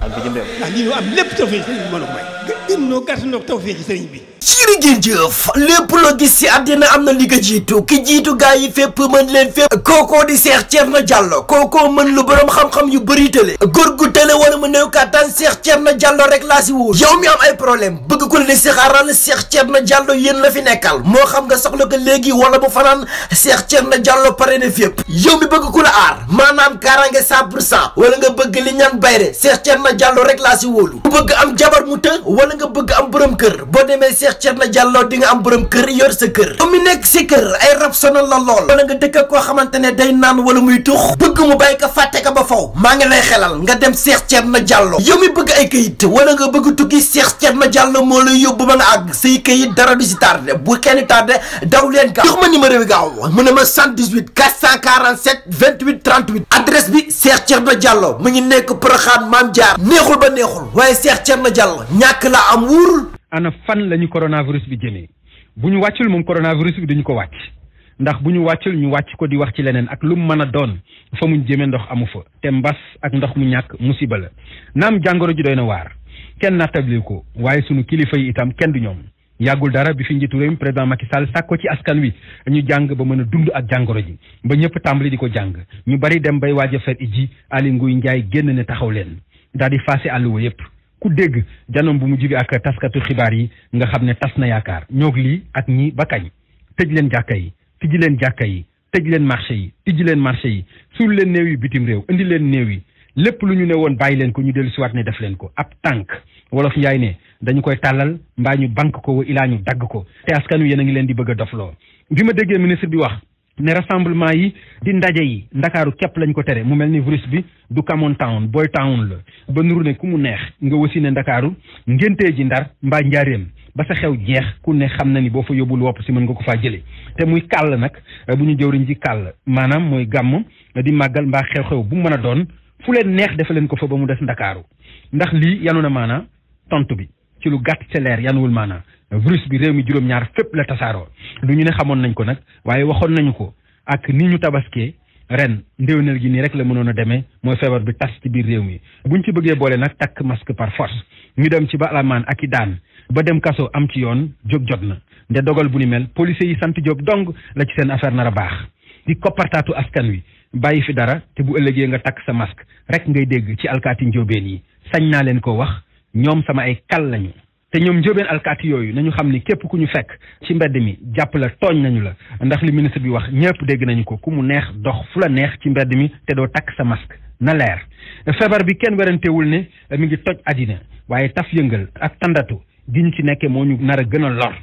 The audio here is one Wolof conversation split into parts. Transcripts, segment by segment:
ak bitim lépp tawfeex sëriñ bi mën a may. gën noo lépp loo gis ci àddina am na li ko jiitu ki jiitu gaa yi fépp mën leen fépp kookoo di seex Thierno Diallo kookoo mën lu boroom xam-xam yu bëri tële góor gu tële wala mu néew kàttan seex na Diallo rek laa si wóor yow mi am ay problème bëgg ko leen seexaaral seex na jàllo yéen la fi nekkal moo xam nga soxla ko léegi wala bu fanaan seex na jàllo pare na fépp yow mi bëgg ku la aar maanaam kaaraange 100 pour saa wala nga bëgg li ñaan bayre seex Thierno Cerna Diallo rek laa si wóolu ku bëgg am jabar mu të wala nga bëgg am borom kër boo demee Cheikh Cerna Diallo di nga am borom kër yor sa kër comme nekk si kër ay rab sonal lool wala nga dëkk koo xamante ne day naan wala muy tux bëgg mu bàyyi ko fàtte ko ba faw maa ngi lay xelal nga dem Cheikh Cerna Diallo yow mi bëgg ay kayit wala nga bëgg tukki Cheikh Cerna Diallo moo lay yóbbu ba nga àgg say kayit dara du si tardé bu kenn tardé daw leen gaaw ma numéro bi gaaw mu ne ma 118 447 28 38 adresse bi Cheikh Cerna Diallo mu ngi nekk Porokhane Mame Diar neexul ba neexul waaye Cheikh Thierno Diallo ñàkk la am wóorul. ana fan la ñu coronavirus bi jëmee bu ñu wàccul moom coronavirus bi dañu ko wàcc ndax bu ñu wàccul ñu wàcc ko di wax ci leneen ak lu mu mën a doon fa mu jëmee ndox amu fa. te mbas ak ndox mu ñàkk musiba la naam jàngoro ji doy na waar kenn naatable ko waaye sunu kilifa yi itam kenn du ñoom. yàggul dara bi fi njiitu réew mi président Macky Sall sàkko ci askan wi ñu jàng ba mën a dund ak jàngoro ji ba ñëpp tàmbali di ko jàng ñu bari dem bay waaj a ji Aly Ngouille Ndiaye génn ne taxaw leen daal di faase àlluwa yëpp ku dégg janoom bu mu jóge ak taskatu xibaar yi nga xam ne tas na yaakaar ñoog lii ak ñi ba kañ tëj leen jàkka yi tijji leen jàkka yi tëj leen marché yi tijji leen marché yi suul leen néew yi bitim réew indi leen néew yi lépp lu ñu ne woon bàyyi leen ko ñu dellu siwaat ne def leen ko ab tànk wolof yaay ne dañu koy tàllal mbaa ñu bank ko wa ilaa ñu dagg ko te askanu yéen a ngi leen di bëgg a dofloo bi ma déggee ministre bi wax ne rassemblement yi di ndaje yi ndakaaru képp lañ ko tere mu mel ni virus bi du Camon Town Boy Town la ba nuru ne ku mu neex nga wasi ne ndakaaru ngéntee ji ndar mbaa njaareem ba sa xew jeex ku ne xam na ni boo fa yóbbul wopp si mën nga ko faa jëlee te muy kàll nag bu ñu jëwriñ ji kàll maanaam mooy gàmm di màggal mbaa xew-xew bu mu mën a doon fu leen neex defa leen ko fa ba mu des ndakaaru ndax lii yanu na maanaa tontu bi ci lu gàtt ca leer yanuwul maanaa virus bi réew mi juróom-ñaar fépp la nañ ko nag waaye waxoon nañu ko ak ni ñu tabaskee ren ndéwénal gi nii rek la mënoon a demee mooy feebar bi tas ci biir réew mi bu buñ ci bëggee boole nag takk masque par force ñu dem ci ba alamaan ak i daan ba dem kaso am ci yoon jóg jot na nde dogal bu ni mel policiers yi sant jóg dong la ci seen affaire nar a baax di koppartaatu askan wi bàyyi fi dara te bu ëllëgee nga takk sa masque rek ngay dégg ci alkaati njóobeen yi sañ naa leen ko wax ñoom sama ay kal lañu te ñoom njóobeen alkaati yooyu nañu xam ni képp ku ñu fekk ci mbedd mi jàpp la tooñ nañu la ndax li ministre bi wax ñëpp dégg nañu ko ku mu neex dox fu la neex ci mbedd mi te doo takk sa masque na leer feebar bi kenn werantewul ne mi ngi toj àddina waaye taf yëngal ak tandatu gi ñu ci nekkee moo ñu nar a gën a lor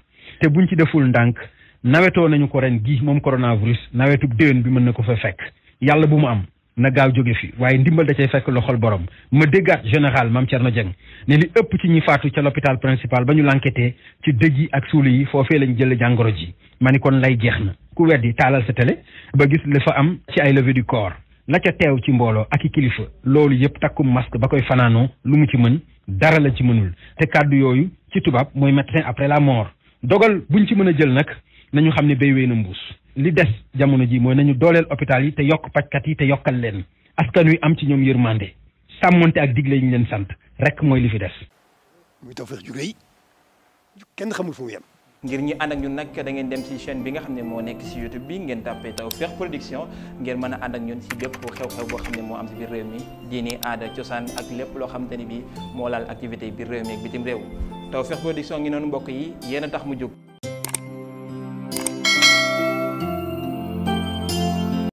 te buñ ci deful ndànk nawetoo nañu ko ren gi moom coronavirus nawetu déwén bi mën na ko fa fekk yàlla bu mu am na gaaw jóge fi waaye ndimbal da cay fekk loxol borom ma déggaat général Mame Thierno Dieng ne li ëpp ci ñi faatu ca l'hôpital principal ba ñu l'enquêté ci dëj yi ak suul yi foofee lañ jël jàngoro ji ma ni kon lay jeex na ku weddi taalal sa télé ba gis li fa am ci ay leve du corps la ca teew ci mbooloo ak i kilifa loolu yëpp takkum masque ba koy fanaanoo lu mu ci mën dara la ci mënul te kàddu yooyu ci tubaab mooy médecin après la mort dogal ñu ci mën a jël nag nañu xam ne béy wéy na mbuus li des jamono ji mooy nañu dooleel hôpital yi te yokk pajkat yi te yokkal leen askan wi am ci ñoom yërmande sàmmonte ak digle yi ñu leen sant rek mooy li fi des. muy Tawfekh ju rëy kenn xamul yem. ngir ñi ànd ak ñun nag da ngeen dem ci chaîne bi nga xam ne moo nekk ci YouTube bi ngeen tàppee Tawfekh Production ngeen mën a ànd ak ñun ci bépp xew-xew boo xam ne moo am ci biir réew mi diini aada cosaan ak lépp loo xamante ni bi moo laal activité biir réew mi ak bitim réew Tawfekh Production ngi noonu mbokk yi yéen a tax mu jóg.